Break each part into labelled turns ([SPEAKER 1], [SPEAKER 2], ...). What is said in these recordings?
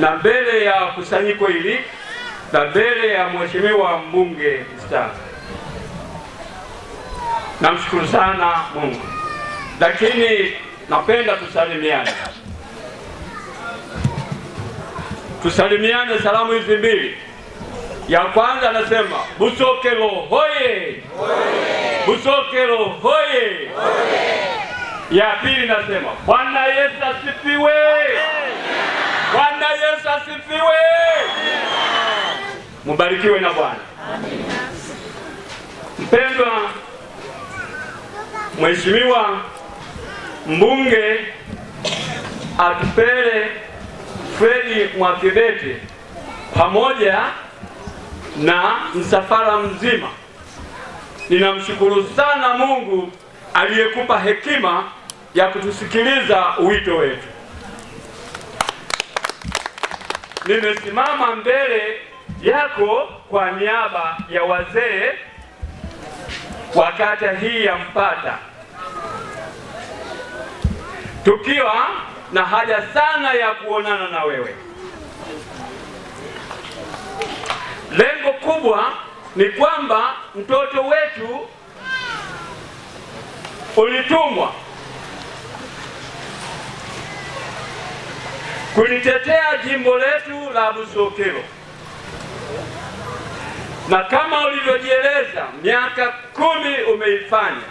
[SPEAKER 1] na mbele ya kusanyiko hili na mbele ya mheshimiwa mbunge mstaafu. Namshukuru sana Mungu, lakini napenda tusalimiane, tusalimiane salamu hizi mbili. Ya kwanza anasema Busokelo hoye,
[SPEAKER 2] hoye!
[SPEAKER 1] Busokelo hoye,
[SPEAKER 2] hoye!
[SPEAKER 1] Ya pili nasema Bwana Yesu asifiwe. Bwana Yesu asifiwe. Mubarikiwe na Bwana. Mpendwa Mheshimiwa mbunge Atupele Fredi Mwakibete pamoja na msafara mzima, ninamshukuru sana Mungu aliyekupa hekima ya kutusikiliza wito wetu nimesimama mbele yako kwa niaba ya wazee wa kata hii ya Mpata tukiwa na haja sana ya kuonana na wewe. Lengo kubwa ni kwamba mtoto wetu ulitumwa kulitetea jimbo letu la Busokelo, na kama ulivyojieleza miaka kumi umeifanya.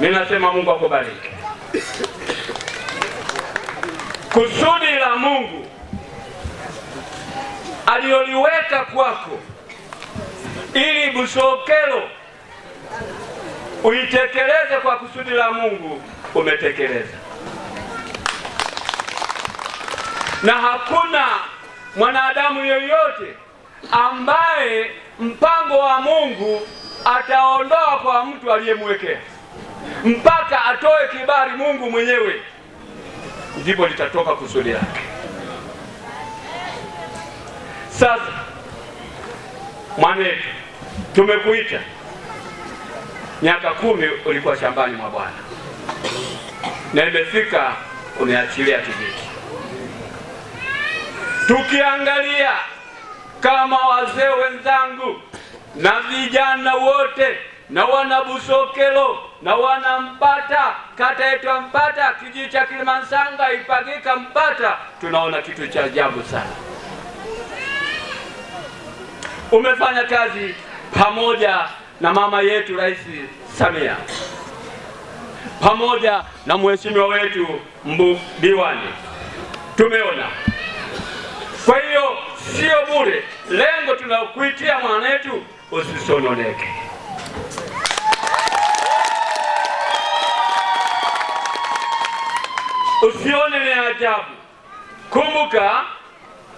[SPEAKER 1] Ninasema Mungu akubariki. Kusudi la Mungu aliyoliweka kwako ili Busokelo uitekeleze kwa kusudi la Mungu umetekeleza. na hakuna mwanadamu yoyote ambaye mpango wa Mungu ataondoa kwa mtu aliyemwekea mpaka atoe kibali Mungu mwenyewe, ndipo litatoka kusudi lake. Sasa mwanetu, tumekuita miaka kumi, ulikuwa shambani mwa Bwana na imefika uniachilia kijiji Tukiangalia kama wazee wenzangu na vijana wote na wana Busokelo na wana Mbata, kata yetu ya Mbata, kijiji cha Kilimansanga, Ipagika, Mbata, tunaona kitu cha ajabu sana. Umefanya kazi pamoja na mama yetu Rais Samia, pamoja na mheshimiwa wetu mbu diwani, tumeona kwa hiyo sio bure, lengo tunakuitia mwanetu, usisononeke. Usione ni ajabu. Kumbuka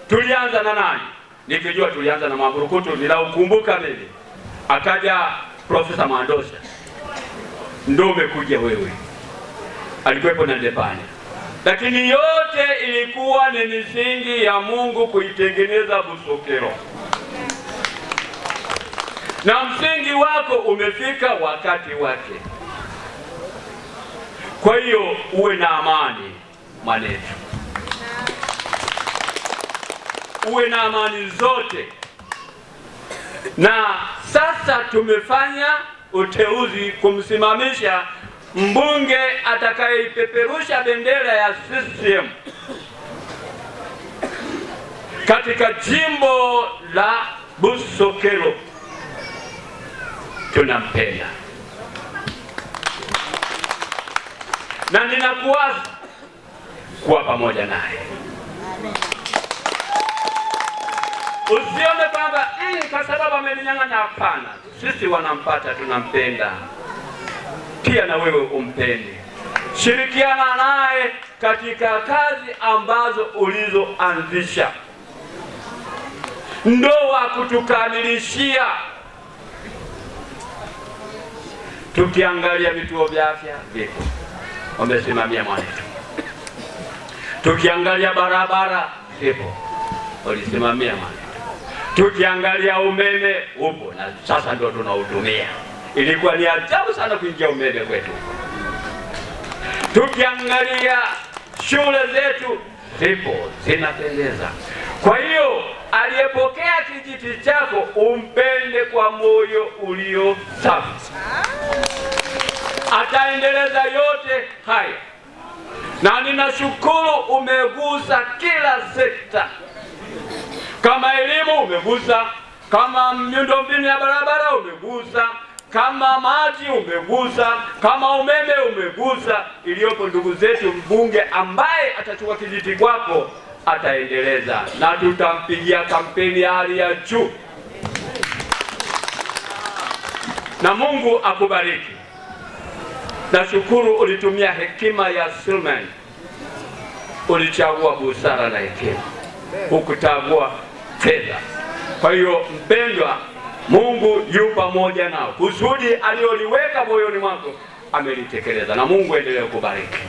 [SPEAKER 1] tulianza na nani? Nikijua tulianza na Mwaburukutu ninaukumbuka mimi, akaja Profesa Mandosha, ndo umekuja wewe, alikuwepo na Ndepane lakini yote ilikuwa ni misingi ya Mungu kuitengeneza Busokelo, na msingi wako umefika wakati wake. Kwa hiyo uwe na amani mwanetu, uwe na amani zote. Na sasa tumefanya uteuzi kumsimamisha mbunge atakayeipeperusha bendera ya CCM katika jimbo la Busokelo tunampenda, na ninakuwaza kuwa pamoja naye. Usione kwamba mm, kwa sababu ameninyang'anya. Hapana, sisi wanampata, tunampenda pia na wewe umpende. Shirikiana naye katika kazi ambazo ulizoanzisha. Ndoa kutukamilishia, tukiangalia vituo vya afya vipo, wamesimamia mwanetu, tukiangalia barabara zipo walisimamia mwanetu, tukiangalia umeme upo na sasa ndio tunautumia. Ilikuwa ni ajabu sana kuingia umeme kwetu. Tukiangalia shule zetu zipo zinapendeza. Kwa hiyo aliyepokea kijiti chako umpende kwa moyo ulio safi, ataendeleza yote haya, na ninashukuru umegusa kila sekta. Kama elimu umegusa, kama miundombinu ya barabara umegusa kama maji umegusa, kama umeme umegusa. Iliyopo ndugu zetu, mbunge ambaye atachukua kijiti kwako ataendeleza, na tutampigia kampeni ya hali ya juu, na Mungu akubariki. Nashukuru ulitumia hekima ya Suleiman, ulichagua busara na hekima, hukuchagua fedha. Kwa hiyo mpendwa Mungu yu pamoja nao. Kusudi aliyoliweka moyoni mwako amelitekeleza, na Mungu endelee kubariki.